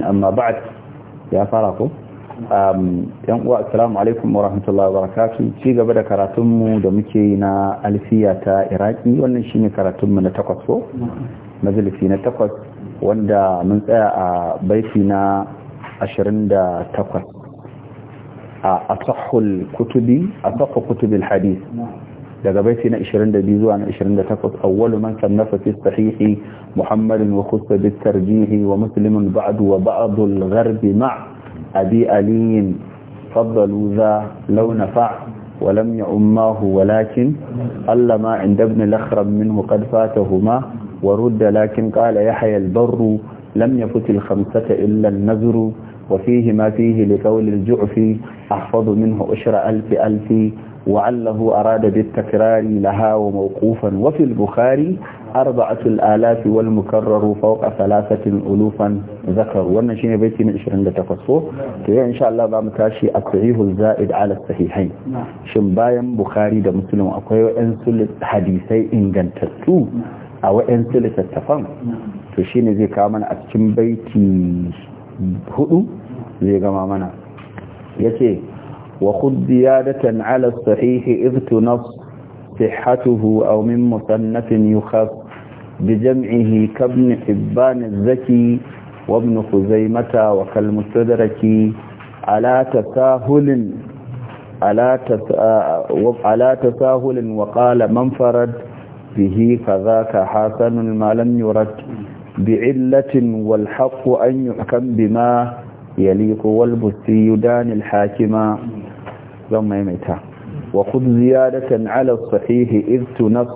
amma ba'd ya fara ko um, yan uwa assalamu alaikum wa rahmatullahi wa barakatuh ci gaba da karatun mu da muke na alfiya ta iraki wannan shine karatun mu na takwas ko majalisi na takwas wanda mun tsaya a baiti na 28 a asahul kutubi asahul kutubil hadith daga baiti na 22 zuwa na 28 awwalu man kannafa fi sahihi muhammad wa khussa bi tarjih wa muslim ba'du wa ba'd al gharb ma' abi ali faddalu za law nafa' ولم يعماه ولكن ألا ما عند ابن الأخرم منه قد فاتهما ورد لكن قال يحيى البر لم يفت الخمسة إلا النذر وفيه ما فيه لقول الجعفي أحفظ منه أشر ألف ألف وعله أراد بالتكرار لها وموقوفا وفي البخاري أربعة الآلاف والمكرر فوق ثلاثة ألوفا ذكر والنشين بيتي من عشرين لتفصوه تبعي إن شاء الله بام تاشي أقعيه الزائد على الصحيحين شمبايا بخاري دا مسلم أقوي أنسل حديثي إن جنتتو أو أنسل ستفهم تشين زي كامان أتشم بيتي هدو زي كما يتي وخذ زيادة على الصحيح إذ تنص صحته أو من مصنف يخف بجمعه كابن حبان الزكي وابن خزيمة وكالمستدرك على تساهل على على تساهل وقال فرد به فذاك حسن ما لم يرد بعلة والحق أن يحكم بما يليق والبثي يدان الحاكما لما يميتها وخذ زيادة على الصحيح إذ تنص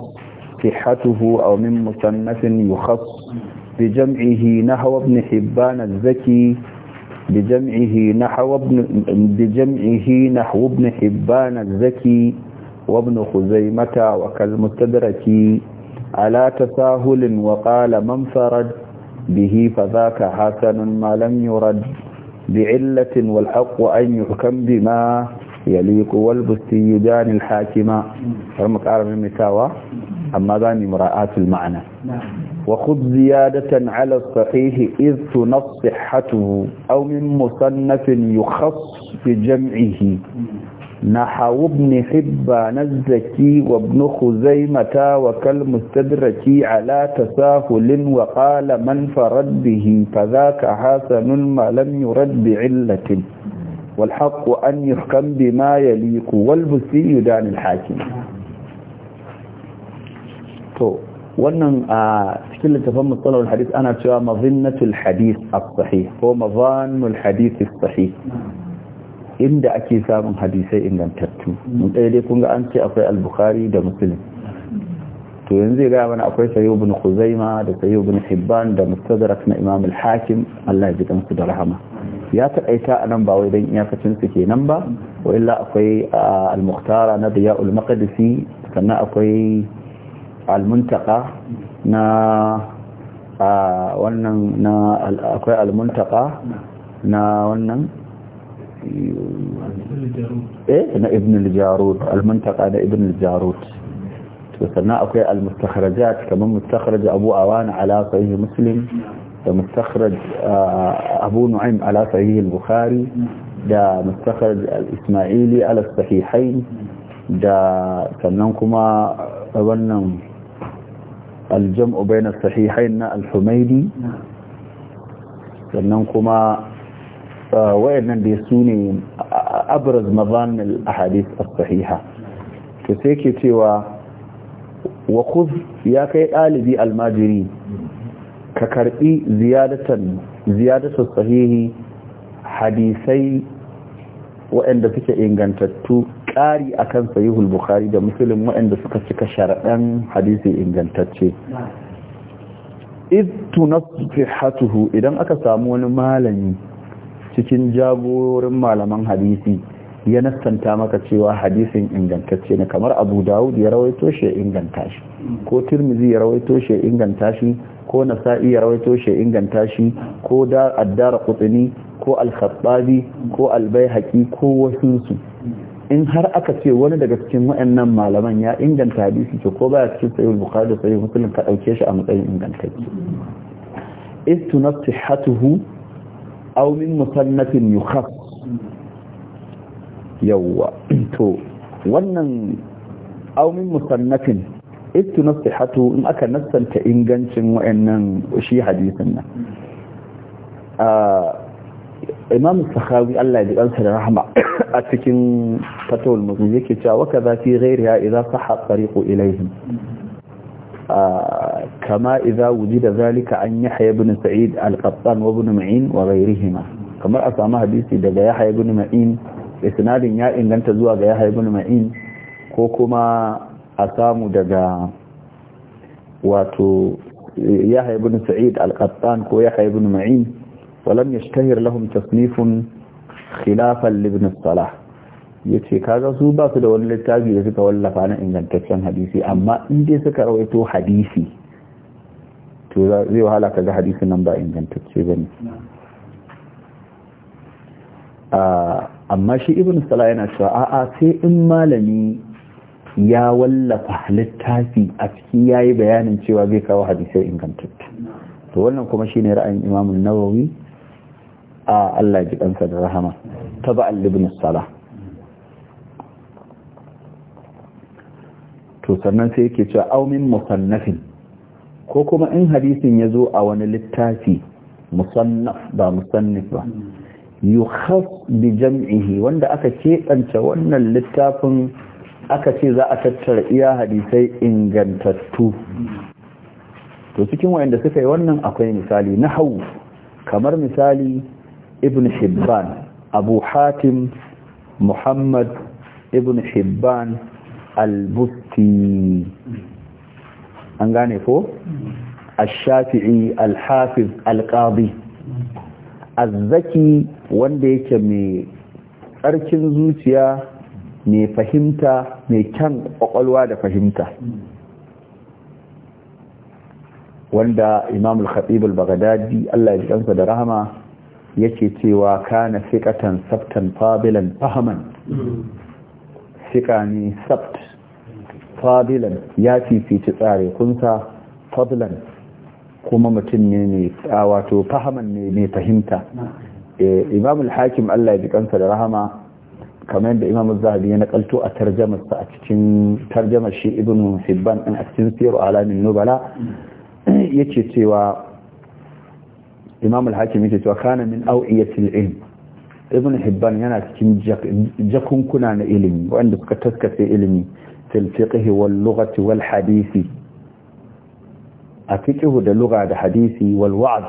صحته أو من مصنف يخص بجمعه نحو ابن حبان الزكي بجمعه نحو ابن بجمعه نحو ابن حبان الزكي وابن خزيمة وكالمستدرك على تساهل وقال من فرد به فذاك حسن ما لم يرد بعلة والحق أن يحكم بما يليق والبستي دان الحاكمة رمك أعلم المتاوى أما ذاني مراعاة المعنى نعم. وخذ زيادة على الصحيح إذ تنص صحته أو من مصنف يخص بجمعه نحو ابن حبان الزكي وابن خزيمة وكالمستدرك على تساهل وقال من فرد به فذاك حسن ما لم يرد بعلة والحق أن يحكم بما يليق والبسي دان الحاكم to wannan a cikin littafin musallar hadith ana cewa mazinnatul hadith as-sahih ko mazanul hadith as-sahih inda ake samun hadisai ingantattu mun dai dai kun ga an ce akwai al-bukhari da muslim to yanzu ga mana akwai sayyid ibn khuzaima da sayyid ibn hibban da mustadrak na imam al-hakim Allah ya ji da rahama ya taƙaita a nan ba wai don iyakacinsu kenan ba wa illa akwai al-muhtara na biya al-maqdisi sannan akwai al-muntaka na wannan na akwai al-muntaka na wannan eh na ibn al-jarud al-muntaka ibn al-jarud to sannan akwai al-mustakhrajat kamar mustakhraj abu awana ala sahih muslim da mustakhraj abu nu'aym ala sahih al-bukhari da mustakhraj al-isma'ili ala sahihain da sannan kuma wannan aljam'u bayna sahihain na al-humaydi sannan kuma wayannan da su ne abraz mazan al-ahadith as-sahiha to sai ke cewa wa khudh ya kai dalibi almajiri ka karbi ziyadatan sahihi hadisai waɗanda suke ingantattu ƙari akan sahihul bukhari da muslim waɗanda suka cika sharaɗan hadisi ingantacce id tunasihatuhu idan aka samu wani malami cikin jagorin malaman hadisi ya nassanta maka cewa hadisin ingantacce ne kamar abu dawud ya rawaito shi inganta shi ko tirmizi ya rawaito shi inganta shi ko nasa'i ya rawaito shi inganta shi ko da addara kutsini ko al-khattabi ko al-baihaqi ko su in har aka ce wani daga cikin wayannan malaman ya inganta hadisi ce ko baya cikin sahih bukhari da sahih muslim ka dauke shi a matsayin ingantacce istu aw min musannatin yukhaf yawwa to wannan aumin musannafin ittu nasihatu in aka nasanta ingancin wayannan shi hadisin nan imam sahawi Allah ya kansa da rahma a cikin fatawul muslim yake cewa kaza fi ghairiha idza sahha tariqu ilayhim kama idza wujida zalika an yahya ibn sa'id al-qattan wa ibn ma'in wa ghayrihima kamar a samu hadisi daga yahya ibn ma'in isnadin ya inganta zuwa ga yahya ibn ma'in ko kuma a samu daga wato yahya ibn sa'id al-qattan ko yahya ibn ma'in walam yashtahir lahum tasnifun khilafan ibn salah yace kaga su ba su da wani littafi da suka wallafa na ingantaccen hadisi amma in dai suka rawaito hadisi to zai wahala kaga hadisin nan ba ingantacce bane a amma shi ibn sala yana cewa a'a sai in malami ya wallafa littafi a ciki yayi bayanin cewa zai kawo hadisai ingantattu to wannan kuma shine ra'ayin Imam Nawawi a Allah ji kansa da rahama taba ibn sala to sannan sai yake cewa aumin min musannafin ko kuma in hadisin ya zo a wani littafi musannaf ba musannif ba yukhaf bi jam'ihi wanda aka keɗance wannan littafin aka ce za a tattara iya hadisai ingantattu to cikin wayanda suka yi wannan akwai misali na kamar misali ibn hibban abu hatim muhammad ibn hibban al-busti an gane ko الشافعي الحافظ القاضي الزكي wanda yake mai tsarkin zuciya mai fahimta mai kyan ƙwaƙwalwa da fahimta wanda imam al-khatib al-baghdadi Allah ya jikansa da rahama yake cewa kana fiqatan saftan fabilan fahaman fiqani saft fabilan ya fifici tsare kunsa fadlan kuma mutum ne mai wato fahaman ne mai fahimta Eh, imam al-hakim Allah ya ji kansa da rahama kamar yadda imam zahabi ya nakalto a tarjamarsa a cikin tarjamar shi ibn hibban din a cikin siru alamin nubala yace cewa imam al-hakim yace cewa kana min aw'iyatil ilm ibn hibban yana cikin jakunkuna na ilimi wanda suka taskace ilimi fil fiqh wal lughati wal hadisi a fiqh da lugha da hadisi wal wa'd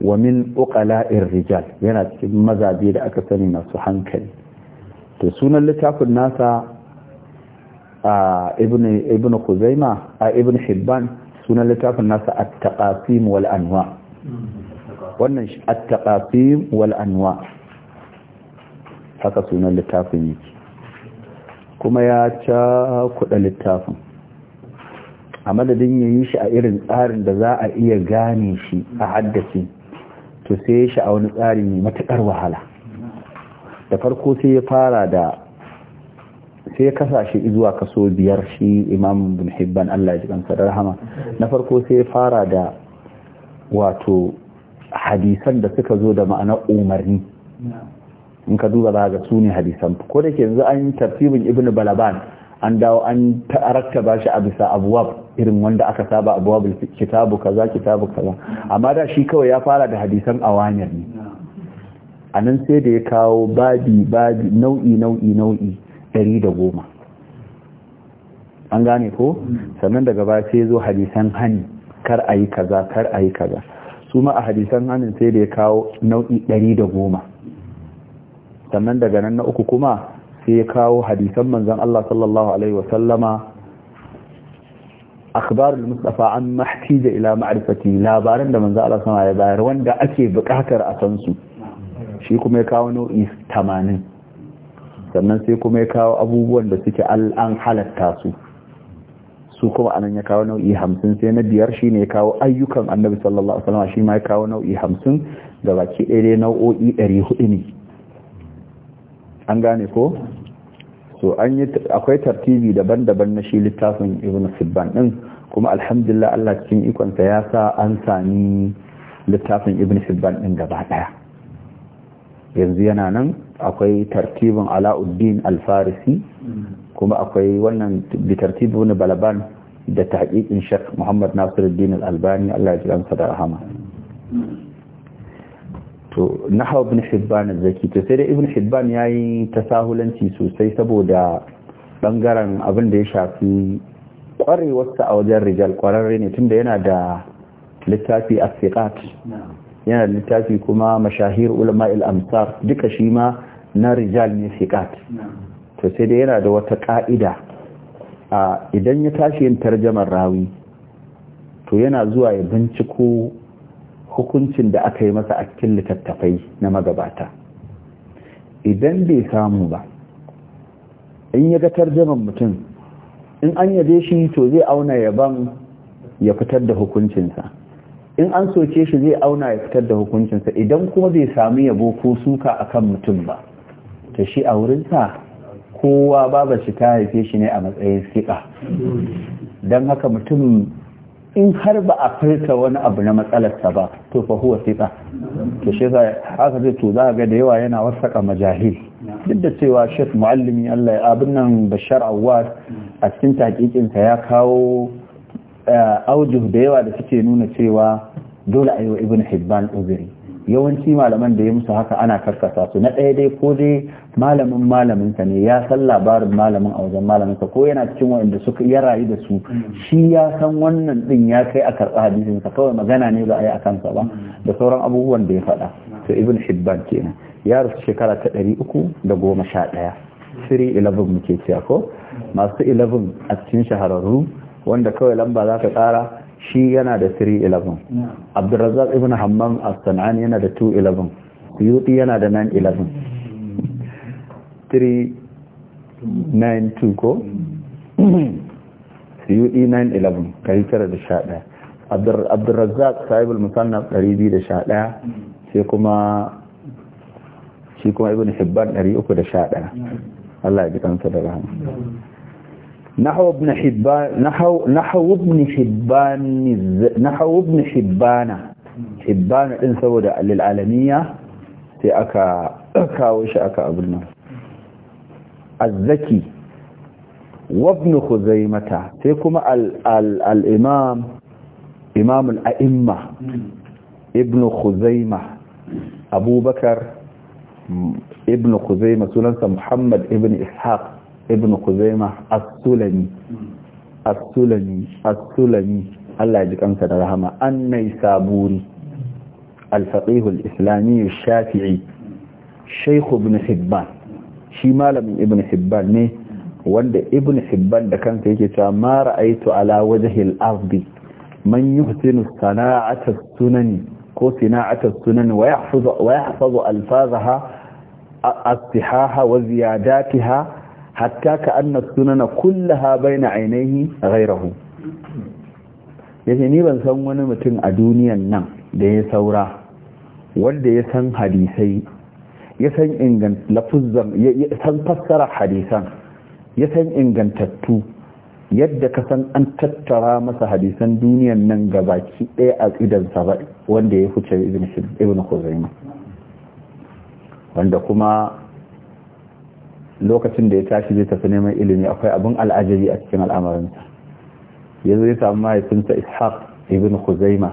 wa min uqala'ir rijal yana cikin mazaje da aka sani masu hankali to sunan littafin nasa a ibn ibn Khuzaima a ibn Hibban sunan littafin nasa at-taqasim wal anwa wannan at-taqasim wal anwa haka sunan littafin yake kuma ya ca kuɗa littafin a madadin ya shi a irin tsarin da za a iya gane shi a haddace to sai ya sha a wani tsari mai matakar wahala da farko sai ya fara da sai ya kasa shi zuwa kaso biyar shi imam bin hibban Allah ji kansa da rahama na farko sai ya fara da wato hadisan da suka zo da ma'anar umarni in ka duba za ga su hadisan ko da ke yanzu an tartibin ibn balaban an dawo an ta'arakta ba shi a bisa abuwab irin wanda aka saba a babul kitabu kaza kitabu kaza amma da shi kawai ya fara da hadisan awamir ne a nan sai da ya kawo babi babi nau'i nau'i nau'i ɗari da goma an gane ko sannan daga ba sai zo hadisan hani kar a yi kaza kar a yi kaza su ma a hadisan hanin sai da ya kawo nau'i ɗari da goma sannan daga nan na uku kuma sai ya kawo hadisan manzan Allah sallallahu Alaihi wasallama akhbar al-mustafa an mahtija ila ma'rifati labaran da manzo Allah sama ya bayar wanda ake bukatar a san su shi kuma ya kawo nau'i 80 sannan sai kuma ya kawo abubuwan da suke al'an halatta su su kuma anan ya kawo nau'i 50 sai na biyar shine ya kawo ayyukan annabi sallallahu alaihi wasallam shi ma ya kawo nau'i 50 da baki ɗaya nau'o'i 400 ne an gane ko so an yi akwai tartibi daban-daban na shi littafin ibn sibban din kuma alhamdulillah Allah cikin ikonsa ya sa an sami littafin ibn sibban din gaba daya yanzu yana nan akwai tartibin alauddin alfarisi kuma akwai wannan bi ne balaban da tahqiqin shek muhammad nasiruddin al-albani Allah ya ji da rahama to nahaw ibn hibban zaki to sai dai ibn hibban yayi tasahulanci sosai saboda bangaren abin da ya shafi kwarewarsa a wajen rijal kwararre ne tunda yana da littafi a asiqat yana da littafi kuma mashahir ulama al-amsar duka shi ma na rijal ne sikat to sai dai yana da wata ka'ida idan ya tashi yin tarjamar rawi to yana zuwa ya binciko hukuncin da aka yi masa a cikin littattafai na magabata idan bai samu ba in ya ga tarjaman mutum in an yabe shi to zai auna yaban ya fitar da hukuncinsa in an soke shi zai auna ya fitar da hukuncinsa idan kuma bai sami yabo ko suka a kan mutum ba ta shi a wurinsa kowa babu shi ta haife shi ne a matsayin siƙa don haka mutum in har ba a furta wani abu na matsalarsa ba to fa huwa sika to shi za aka ce to za ga da yawa yana wasaka majahil duk da cewa shek muallimi Allah ya abin nan bashar awwad a cikin takikinsa ya kawo eh, aujuh da yawa da suke nuna cewa dole a yi wa ibn hibban uzuri yawanci malaman da ya musu haka ana karkasa su na ɗaya dai ko dai malamin malaminsa ne ya san labarin malamin a wajen malaminsa ko yana cikin wanda suka ya rayu da su shi ya san wannan din ya kai a karɓa hadisinsa kawai magana ne ba a yi a kansa ba da sauran abubuwan da ya faɗa to ibn hibban kenan ya rasu shekara ta ɗari uku da goma sha ɗaya 311 muke cewa ko masu 11 a cikin shahararru wanda kawai lamba za ka ƙara shi yana da 311 abdurrazzaq ibn hammam as-san'an yana da 211 suyuti yana da 911 392 ko suyuti 911 kari tara da sha ɗaya abdurrazzaq sahibul musannaf 211 sai kuma shi kuma ibn hibban 311 Allah ya ji kansa da rahama نحو ابن حبان نحو نحو din saboda al'alamiya sai aka kawo shi aka abin nan az-zaki sai kuma al-imam imam imam aimma ibn khuzaimah abubakar ibn khuzaimah sunansa muhammad ibn ishaq ibn kuzaima as-sulami as-sulami as-sulami Allah ji kansa da rahama annai saburi al-faqih al-islami shafii shaykh ibn hibban shi malamin ibn hibban ne wanda ibn hibban da kansa yake cewa ma ra'aytu ala wajhi al-ardi man yuhsinu sana'ata as-sunani ko sina'ata as-sunani wa yahfazu wa yahfazu alfazaha as-sihaha wa ziyadatiha hatta ka anna sunana bai na ainihi gairahu. yace ni ban san wani mutum a duniyan nan da ya saura wanda ya san hadisai ya san ya san fassara hadisan ya san ingantattu yadda ka san an tattara masa hadisan duniyan nan baki ɗaya a idansa ba wanda ya fice ibn Khuzaimah wanda kuma lokacin da ya tashi zai tafi neman ilimi akwai abin al'ajabi a cikin al'amarinsa ya zai ya samu mahaifinsa ishaq ibn huzaima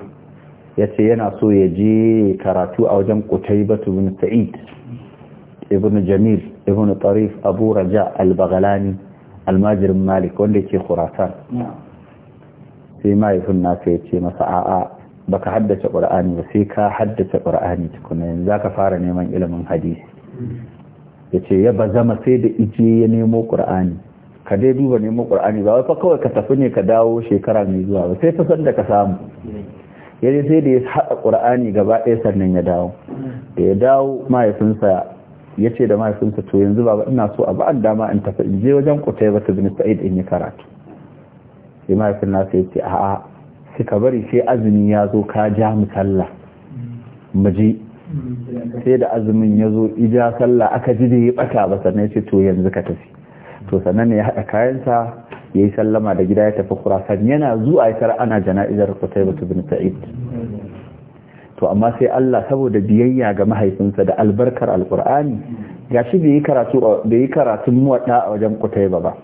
ya ce yana so ya je karatu a wajen kutaibatu bin sa'id ibn jamil ibn tarif abu raja al-baghalani almajirin malik wanda ke khurasan sai mahaifin nasa ya ce masa a'a baka haddace qur'ani ba sai ka haddace qur'ani tukuna yanzu zaka fara neman ilimin hadisi ya ce ya bazama sai da ije ya nemo ƙur'ani ka dai duba nemo ƙur'ani ba wai fa kawai ka tafi ne ka dawo shekara mai zuwa ba sai ta san da ka samu ya sai da ya haɗa ƙur'ani gaba ɗaya sannan ya dawo da ya dawo mahaifinsa ya ce da mahaifinsa to yanzu ba ina so a ba'an dama in tafi in je wajen kutai ba ta bin sa'id in yi karatu sai mahaifin nasa ya ce a'a sai ka bari sai azumi ya zo ka ja mu sallah mu je. sai da azumin ya zo ija sallah aka ji da ya ɓata ba sannan ya ce to yanzu ka tafi to sannan ya haɗa kayansa ya yi sallama da gida ya tafi kurasan yana zuwa ya tara ana jana'izar kutai batu bin sa'id to amma sai Allah saboda biyayya ga mahaifinsa da albarkar alkur'ani shi bai yi karatu bai yi karatun muwaɗa a wajen kutai ba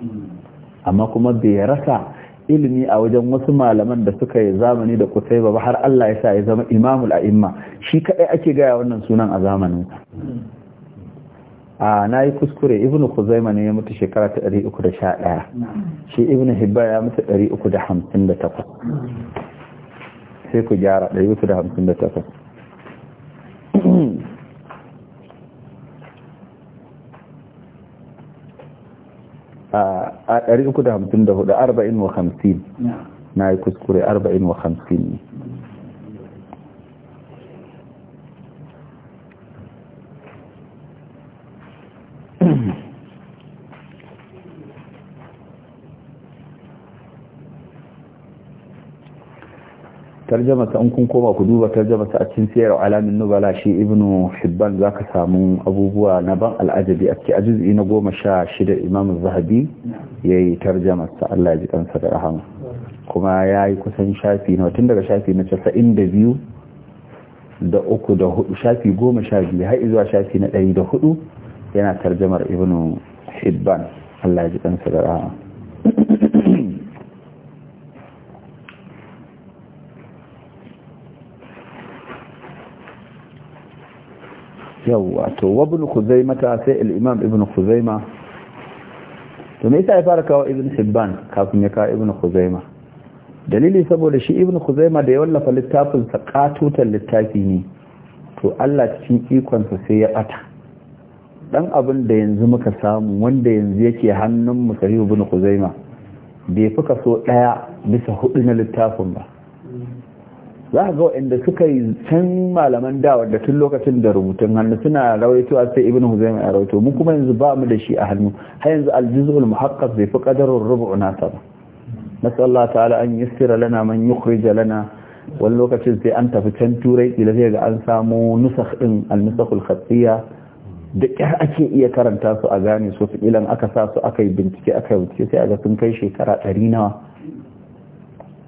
amma kuma bai rasa ilimi a wajen wasu malaman da suka yi zamani da kusai ba har Allah ya sa ya zama imamul a'imma shi kadai ake gaya wannan sunan a zamanin a na yi kuskure ibnu kuzaima ne ya mutu shekara ta 311 shi ibnu hibba ya mutu 358 sai ku gyara 358 a 354 40 na yi kuskure 40 ne tarjama in kun koma ku duba tarjama a cikin sayar alamin nubala shi ibnu hibban zaka samu abubuwa na ban al'ajabi a cikin ajizi na goma sha shida imam zahabi ya yi tarjama ta allah ji kansa da rahama kuma ya yi kusan shafi na tun daga shafi na casa'in da biyu da uku da hudu shafi goma sha biyu har zuwa shafi na ɗari da hudu yana tarjamar ibnu hibban allah ji kansa da rahama yawwa to wabin kuzaima ta sai al'imam ibn kuzaima to me yasa ya fara kawo ibn hibban kafin ya kawo ibn kuzaima dalili saboda shi ibn kuzaima da ya wallafa littafinsa, sa katutan littafi ne to Allah cikin ikonsa sai ya bata dan abin da yanzu muka samu wanda yanzu yake hannun mu sahih ibn kuzaima bai fi kaso daya bisa hudu na littafin ba za a ga waɗanda suka yi can malaman dawa da tun lokacin da rubutun hannu suna rawaito sai ibn huzaima a rawaito mu kuma yanzu ba mu da shi a hannu har yanzu aljizul muhaqqaq zai fi qadarun rubu nasa ba nasallahu ta'ala an yassira lana man yukhrija lana wani lokacin sai an tafi can turai kila sai ga an samu nusakh din al-nusakhul khatiyya da ƙyar ake iya karanta su a gane su su, ilan aka sa su aka yi bincike aka yi bincike sai a ga sun kai shekara ɗari nawa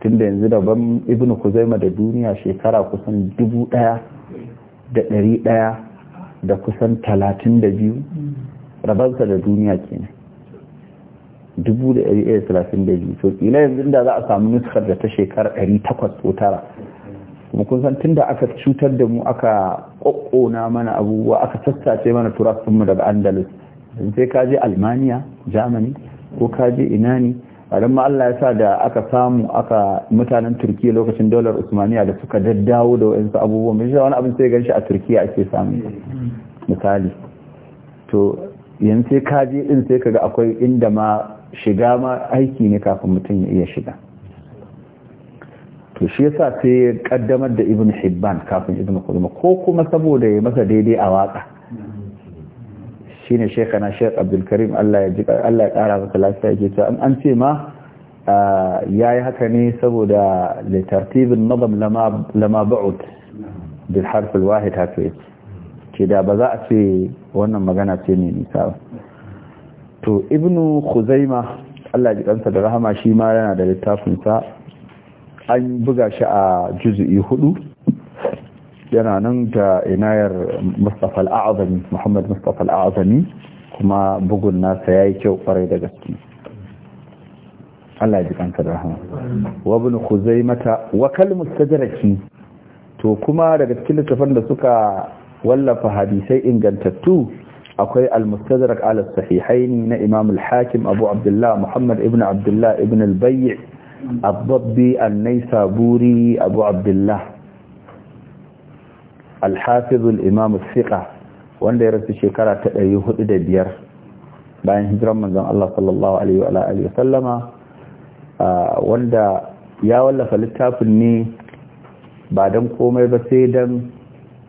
tunda yanzu daban ibn kuzaima da duniya shekara kusan dubu ɗaya da ɗari ɗaya da kusan talatin da biyu rabansa da duniya kenan dubu da ɗari daya talatin da biyu So, ila yanzu da za a samu nuskar da ta shekara ɗari takwas ko tara kuma kun san da aka cutar da mu aka ƙoƙona mana abubuwa aka sassace mana turafinmu daga andalus sai ka je almaniya germany ko ka je ina ne adan ma Allah ya sa da aka samu aka mutanen Turkiya lokacin daular Usmaniya da suka daddawo da waɗansu abubuwan mai wani abin sai ganshi a Turkiya ake samu misali to yanzu sai ka din sai kaga akwai inda ma shiga ma aiki ne kafin mutum ya iya shiga to shi yasa sai ya kaddamar da Ibn Hibban kafin Ibn Khuzaimah ko kuma saboda ya masa daidai a waka shine shekana shek abdulkarim allah ya kara masa lafiya ke ta an ce ma ya yi haka ne saboda da nazam lama ba'ud bil harfin wahid haka yake ce da ba za a ce wannan magana ce ne nisa ba to ibnu khuzaima allah ji jikansa da rahama shi ma yana da littafinsa an buga shi a juzu'i hudu yana nan da inayar mustapha al'azami muhammad mustapha al'azami kuma bugun nasa ya yi kyau kwarai da gaske Allah ya ji kanta da rahama wa kuzai mata wa to kuma daga cikin littafan da suka wallafa hadisai ingantattu akwai al-mustadrak ala sahihain na imam al-hakim abu abdullah muhammad ibn abdullah ibn al-bayy الضبي an أبو abu abdullah alhafizul imam siqa wanda ya rasu shekara ta ɗari hudu da biyar bayan hijiran manzon Allah sallallahu alaihi wa alihi sallama wanda ya wallafa littafin ne ba dan komai ba sai dan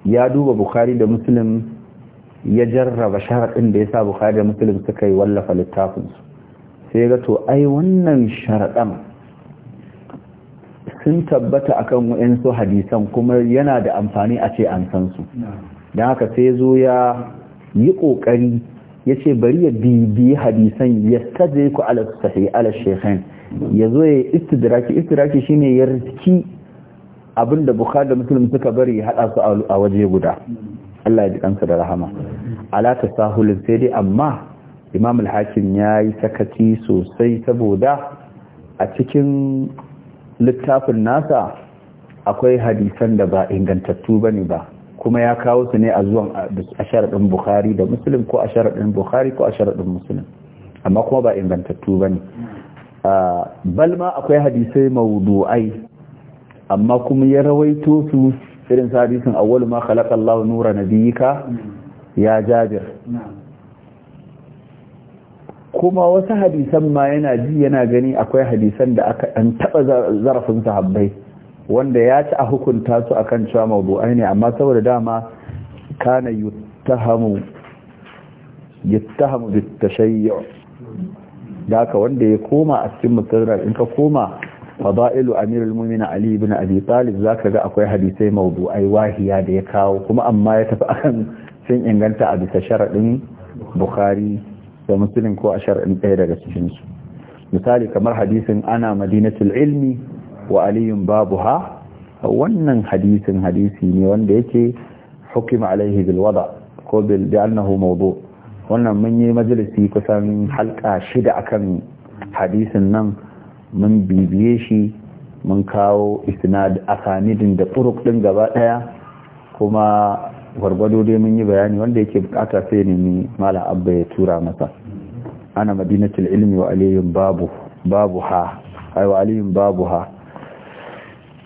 ya duba bukhari da musulun ya jarraba sharaɗin da ya sa bukhari da muslim suka yi wallafa littafinsu sai ga to ai wannan sharaɗan sun tabbata akan waɗansu hadisan kuma yana da amfani a ce an san su don haka sai zo ya yi ƙoƙari ya ce bari ya bibi hadisan ya staje ku ala sahi ala zo ya zo ya istidraki istidraki shine ya riki abinda bukhari da muslim suka bari ya hada su a waje guda Allah ya ji kansa da rahama ala tasahulin sai dai amma imam al-hakim ya yi sakaci sosai saboda a cikin littafin nasa akwai hadisan da ba ingantattu ba ne ba kuma ya kawo su ne a zuwan a sharaɗin bukhari da musulun ko a sharaɗin bukhari ko a sharaɗin musulun amma kuma ba ingantattu ba ne balma akwai hadisai maudu'ai amma kuma ya rawaito su irin sa hadisin awwalu ma khalaqa Allahu nura nabiyika ya jabir kuma wasu hadisan ma yana ji yana gani akwai hadisan da aka an taba zarafin sahabbai wanda ya ci a hukunta su akan cewa mawdu'ai ne amma saboda dama kana yuttahamu yuttahamu bitashayyu da aka wanda ya koma a cikin musnad in ka koma fada'ilu amirul mu'minin ali ibn abi talib zaka ga akwai hadisai ai wahiya da ya kawo kuma amma ya tafi akan sun inganta a bisa sharaɗin bukhari da musulun ko a shar'in ɗaya daga cikinsu misali kamar hadisin ana madinatul ilmi wa aliyun babu ha wannan hadisin hadisi ne wanda yake hukim alaihi bilwada ko bil bi annahu wannan mun yi majalisi kusan halka shida akan hadisin nan mun bibiye shi mun kawo isnad asanidin da turuk din gaba daya kuma gwargwado dai mun yi bayani wanda yake bukata sai nemi mala abba ya tura masa ana madinatul ilmi wa aliyin babu babu ha ai wa aliyin babu ha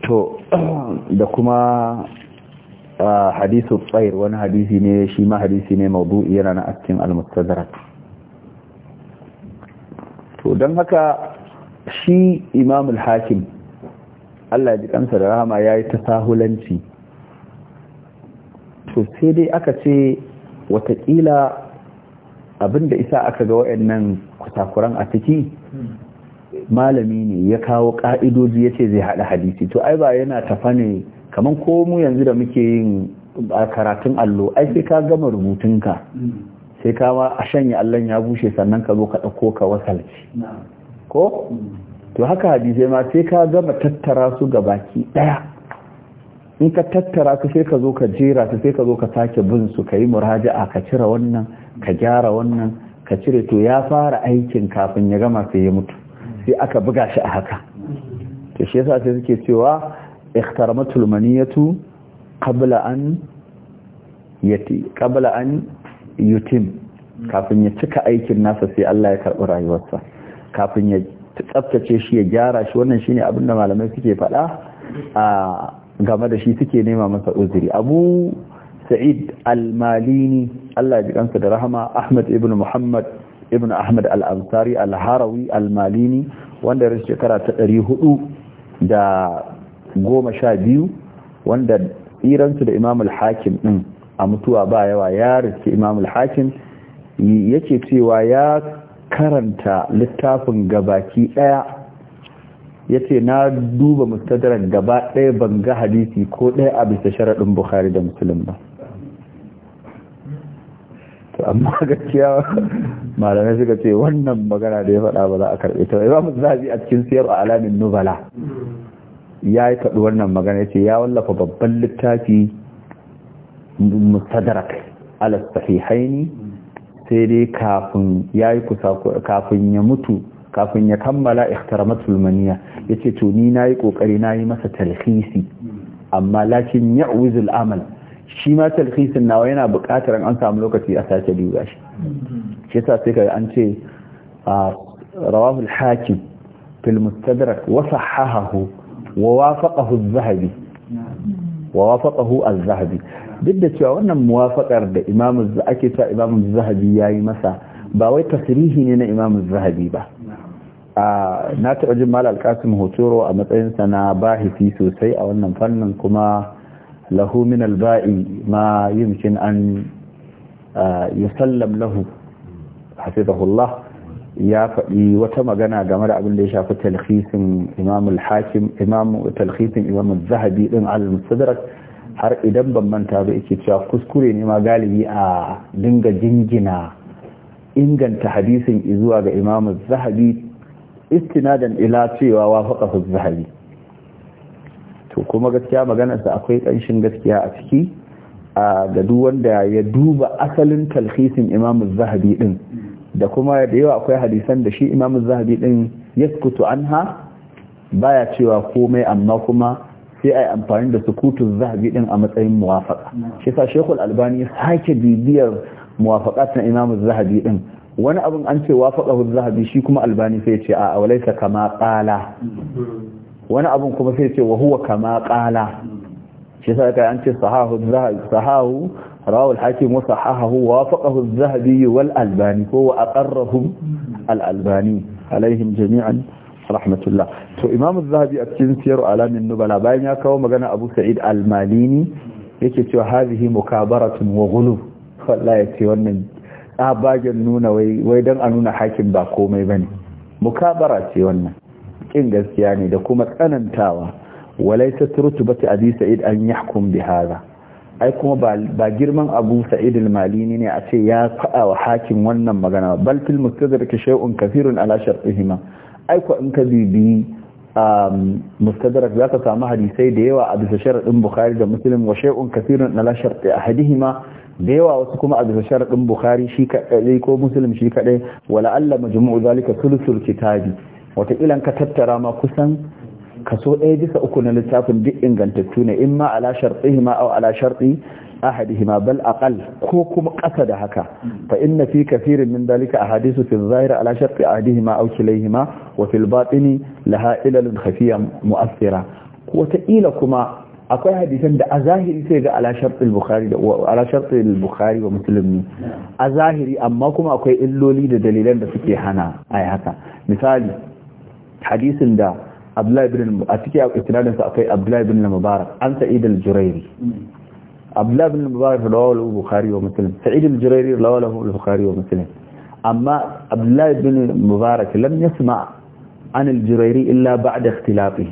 to da kuma hadisu tsayir wani hadisi ne shi ma hadisi ne maudu'i yana na akin al-mustadrak to don haka shi imamul hakim Allah ya ji kansa da rahama yayi tasahulanci to sai dai aka ce watakila abinda isa aka ga waɗannan kusakuran a ciki malami ne ya kawo ka'idoji ya ce zai haɗa hadisi to ai ba yana tafa ne kamar ko mu yanzu da muke yin karatun allo ai sai ka gama rubutunka sai ka ma a shanye allon ya bushe sannan ka zo ka ɗauko ka wasalci ko to haka hadisai ma sai ka gama tattara su ga baki ɗaya in ka tattara ka sai ka zo ka jera su sai ka zo ka sake bin su ka yi muraja'a ka cire wannan ka gyara wannan ka cire to ya fara aikin kafin ya gama sai ya mutu sai aka buga shi a haka to shi yasa sai suke cewa ikhtaramatul maniyatu qabla an yati qabla an yutim kafin ya cika aikin nasa sai Allah ya karbi rayuwarsa kafin ya tsaftace shi ya gyara shi wannan shine abin da malamai suke faɗa a game da shi suke nema masa uzuri abu sa'id al-malini Allah ji kansa da rahama ahmad ibn muhammad ibn ahmad al-ansari al-harawi al-malini wanda ya shekara ta hudu da goma sha biyu wanda tsiransu da Imam al hakim din a mutuwa ba yawa ya Imam al hakim yake cewa ya karanta littafin gabaki ɗaya. ya ce na duba mustadarar gaba ɗaya ban ga hadisi ko ɗaya a bisa sharaɗin bukhari da musulun ba to amma gaskiya malamai suka ce wannan magana da ya faɗa ba za a karɓe ta mu zafi a cikin siyar a alamin nubala ya yi faɗi wannan magana ya ce ya wallafa babban littafi mustadrak ala sahihaini sai dai kafin ya yi kusa kafin ya mutu kafin ya kammala ihtaramatul ya yace to ni nayi kokari nayi masa talhisi amma lakin ya'wizul amal shi ma talhisin nawa yana buƙatar an samu lokaci a sace duba shi shi yasa sai ka an ce rawahu hakim fil mustadrak wa sahahahu wa wafaqahu az-zahabi wa wafaqahu az-zahabi duk da cewa wannan muwafaqar da imamu ake sa imamu zahabi yayi masa ba wai tasrihi ne na imamu zahabi ba na taɓa jin mal alkasim hotoro a matsayin matsayinsa na bahisi sosai a wannan fannin kuma lahu min alba'i ma yumkin an yusallam lahu hafizahullah ya faɗi wata magana game da abin da ya shafi talhisin imam al-hakim imam talhisin imam al-zahabi din al-mustadrak har idan ban manta ba yake cewa kuskure ne ma galibi a dinga jingina inganta hadisin zuwa ga imam al-zahabi istinadan ila cewa wafaqahu zahabi to kuma gaskiya maganarsa akwai kanshin gaskiya a ciki a ga duk wanda ya duba asalin talhisin imam zahabi din da kuma da yawa akwai hadisan da shi imam zahabi din yaskutu anha baya cewa komai amma kuma sai ai amfani da sukutun zahabi din a matsayin muwafaka shi sa shaykhul albani sake bibiyar muwafaqat na az zahabi din wani abin an ce wafaqahu zahabi shi kuma albani sai ce a walaisa kama kala wani abin kuma sai ce wa huwa kama qala shi sai kai an ce sahahu zahabi sahahu rawu al-hakim wa sahahu wafaqahu az-zahabi wal albani ko wa aqarrahum al-albani alaihim jami'an rahmatullah to imam az-zahabi a cikin siyar alamin nubala bayan ya kawo magana abu sa'id al-malini yake cewa hadhihi mukabaratun wa ghulub wallahi ce wannan tsabagen nuna wai wai dan a nuna hakim ba komai bane mukabara ce wannan ƙin gaskiya ne da kuma tsanantawa walaita turtubati abi sa'id an yahkum bi hadha ai kuma ba girman abu sa'id al ne a ce ya faɗa wa hakim wannan magana bal fil mustadrak shay'un kathirun ala shartihima ai ko in ka bibi um, mustadrak zaka samu hadisai da yawa a bisa sharadin bukhari da muslim wa shay'un kathirun ala sharti ahadihima da yawa wasu kuma a bisa sharadin bukhari shi kadai ko muslim shi kadai wala majmu'u zalika thuluthul kitabi wata ka tattara ma kusan kaso ɗaya bisa uku na littafin duk ingantattu ne in ma ala sharɗihi ma ala sharɗi ahadihima bal aqal ko kuma ƙasa da haka fa inna fi kathirin min dalika ahadithu fi zahir ala sharti ahadihima aw kilayhima wa fil batini laha ilalun khafiyya mu'athira wata kuma akwai hadisan da a zahiri sai ga ala shartil bukhari da ala shartil bukhari wa musulmi a zahiri amma kuma akwai illoli da dalilan da suke hana ai haka misali hadisin da abdullahi ibn a cikin isnadin akwai abdullahi ibn mubarak an sa'id al-jurairi abdullahi ibn mubarak rawahu bukhari wa musulmi sa'id al-jurairi rawahu bukhari wa musulmi amma abdullahi ibn mubarak lam yasma' عن الجريري illa بعد اختلافه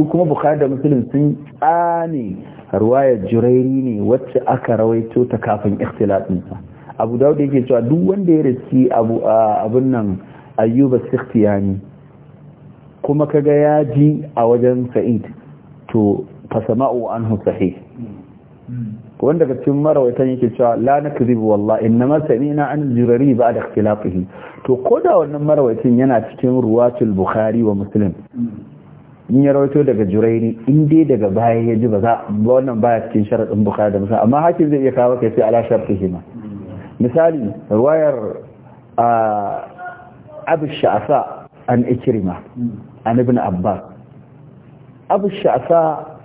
su kuma bukhari da muslim sun tsane ruwayar jurairi ne wacce aka rawaito ta kafin ikhtilafinsa abu dawud yake cewa duk wanda ya riski abu abun nan ayyuba sikhtiyani kuma kaga ya ji a wajen sa'id to fasama'u anhu sahih wanda daga cikin marawaitan yake cewa la nakzibu wallahi innama sami'na an jurari ba'da ikhtilafihi to koda wannan marawaitin yana cikin ruwatul bukhari wa muslim in ya rawaito daga juraini in dai daga baya ya ji ba za wannan baya cikin sharaɗin bukhari da musa amma hakim zai iya kawo kai sai ala sharɗi ma misali ruwayar abu sha'asa an ikirima an ibn abba abu sha'asa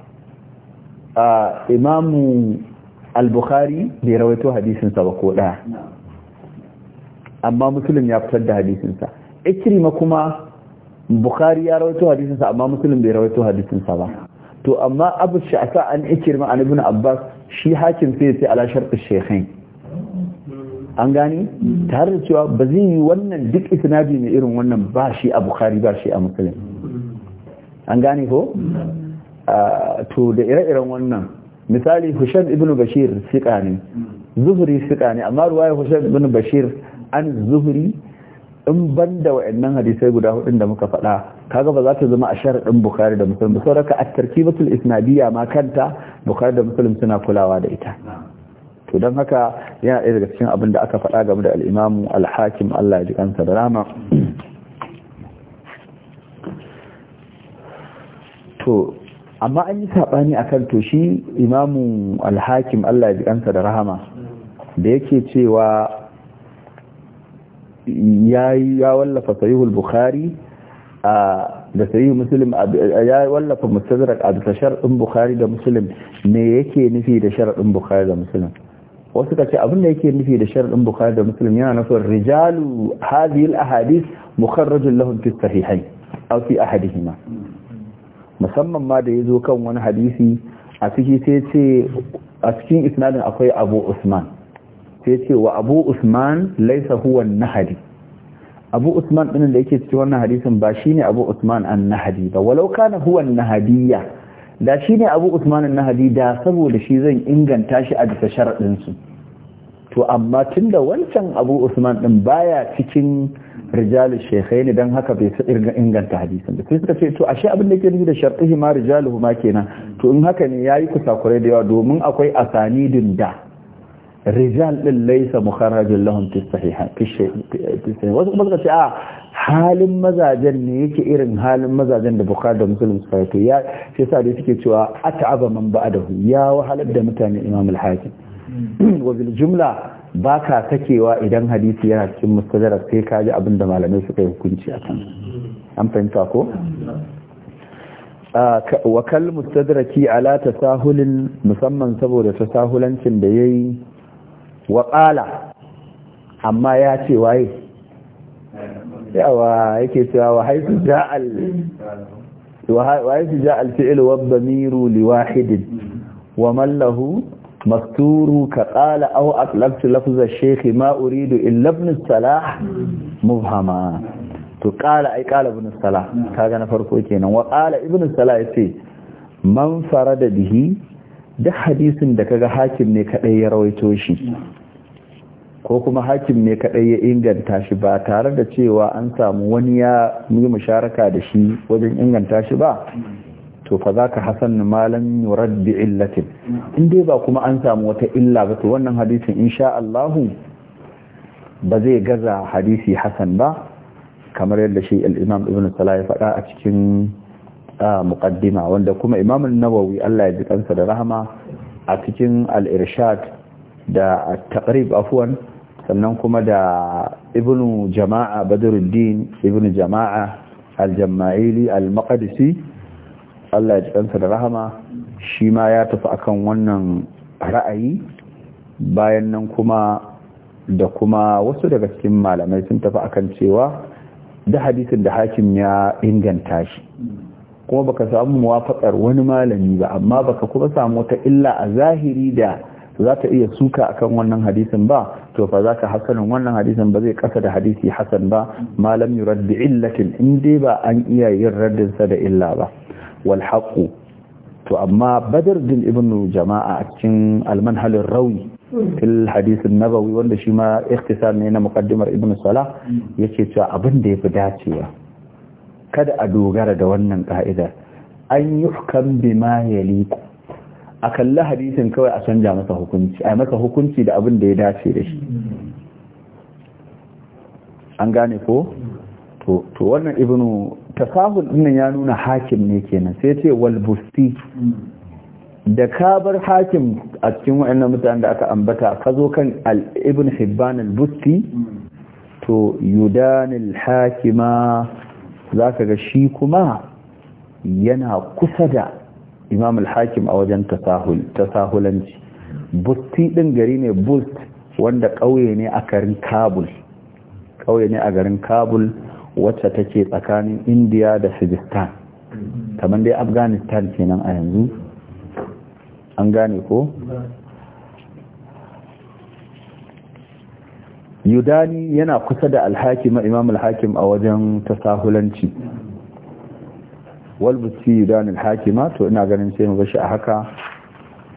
imamu al-bukhari bai rawaito hadisinsa ba ko ɗaya amma musulun ya fitar da hadisinsa Ikirima kuma bukhari ya rawaito hadisin sa amma muslim bai rawaito hadisin sa ba to amma abu sha'sa an ikirma an ibn abbas shi hakim sai sai ala sharqi shaykhain an gani tare da cewa ba zai yi wannan duk isnadi mai irin wannan ba shi a bukhari ba shi a muslim an gane ko to da ire-iren wannan misali hushan ibn bashir siƙa ne zuhri siƙa ne amma ruwaya hushan ibn bashir an zuhri in ban da wa'annan hadisai guda hudun da muka faɗa kaga ba za ta zama a sharaɗin bukari da musulun sau ka a tarkibatul isnadiyya ma kanta bukari da musulun suna kulawa da ita to don haka yana ɗaya daga cikin abin da aka faɗa game da al'imamu alhakim allah ya ji kansa da rama to amma an yi saɓani a kan to shi imamu alhakim allah ya ji kansa da rahama da yake cewa ya wallafa sahihul bukhari a da sahih muslim ya wallafa mustadrak a bisa sharadin bukhari da muslim me yake nufi da sharadin bukhari da muslim wasu kace abin da yake nufi da sharadin bukhari da muslim yana nufin rijalu hadhihi al ahadith mukharrajun lahum fi sahihayn aw fi ahadihima musamman ma da yazo kan wani hadisi a cikin sai ce a cikin isnadin akwai abu usman sai ce wa abu usman laisa huwa nahari abu usman ɗin da yake cikin wannan hadisin ba shine abu usman an nahari ba walau kana huwa nahadiyya da shine abu usman an nahari da saboda shi zan inganta shi a bisa sharadin su to amma tunda wancan abu usman ɗin baya cikin rijalul ne dan haka bai sa inganta hadisin ba sai suka ce to ashe abin da ke nufi da shartihi ma rijaluhu ma kenan to in haka ne yayi kusakurai da yawa domin akwai asanidin da rijal din laysa mukharrajun lahum fi sahihan wasu kuma suka ce a halin mazajen ne yake irin halin mazajen da bukhari da muslim suka yi ya shi yasa dai suke cewa at'aba man ba'dahu ya wahalar da mutane imam al-hakim wa bil jumla ba ka takewa idan hadisi yana cikin mustadrak sai ka ji abin da malamai suka yi hukunci a kan an fahimta ko wa kal mustadraki ala tasahulin musamman saboda tasahulancin da yayi wa ƙala amma ya ce waye yawa yake cewa wa haifu ja'al wa haifu ja'al fi'il wa bamiru li wahidin wa mallahu maktoru ka ƙala au aklaktu lafuzar shekhi ma'uridu in lafnin salah hama. to ƙala ai ƙala ibn salah Ta na farko kenan wa ƙala ibn salah ya ce man fara da bihi duk hadisin da kaga hakim ne kadai ya rawaito shi ko kuma hakim ne kadai ya inganta shi ba tare da cewa an samu wani ya yi musharaka da shi wajen inganta shi ba to fa zaka hasan malam yuraddi illatin in dai ba kuma an samu wata illa ba to wannan hadisin insha Allah ba zai gaza hadisi hasan ba kamar yadda shi al-Imam Ibn Salah ya faɗa a cikin muqaddima wanda kuma imam an-nawawi Allah ya ji kansa da rahama a cikin al-irshad da at-taqrib afwan sannan kuma da ibnu jama'a badruddin ibnu jama'a al-jama'ili al-maqdisi Allah ya ji kansa da rahama shi ma ya tafi akan wannan ra'ayi bayan nan kuma da kuma wasu daga cikin malamai sun tafi akan cewa da hadisin da hakim ya inganta shi kuma baka samu muwafaqar wani malami ba amma baka kuma samu wata illa a zahiri da za ta iya suka akan wannan hadisin ba to fa za ka hasanin wannan hadisin ba zai kasa da hadisi hasan ba malam yurad illatin in dai ba an iya yin raddin sa da illa ba wal haqu to amma badr din ibn jama'a a cikin al-manhal rawi fil hadis an-nabawi wanda shi ma ikhtisar ne na muqaddimar ibn salah hmm. yake cewa abin da yafi dacewa kada a dogara da wannan ka'idar an yi bi ma ya liku a kalli hadisin kawai a canja masa hukunci a masa hukunci da abin da ya dace da shi an gane ko to wannan ibnu tasahul dinnan ya nuna hakim ne kenan sai ce wal busti da ka bar hakim a cikin waɗannan mutanen da aka ambata ka zo kan al-ibn hibban al-busti to yudanil hakima za ka ga shi kuma yana kusa da imam al-hakim a wajen tasahulanci busti ɗin gari ne bust wanda ƙauye ne a garin kabul ƙauye ne a garin kabul wacce take tsakanin India da sijistan kamar dai afghanistan kenan a yanzu an gane ko yudani yana kusa da alhakim imam alhakim a wajen tasahulanci walbusi yudani alhakima to ina ganin sai mu bashi a haka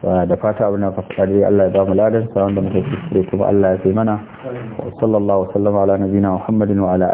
da fata abin da fasari Allah ya ba mu ladan sa wanda muka kuskure kuma Allah ya sai mana wa sallallahu wa sallama ala nabina Muhammadin wa ala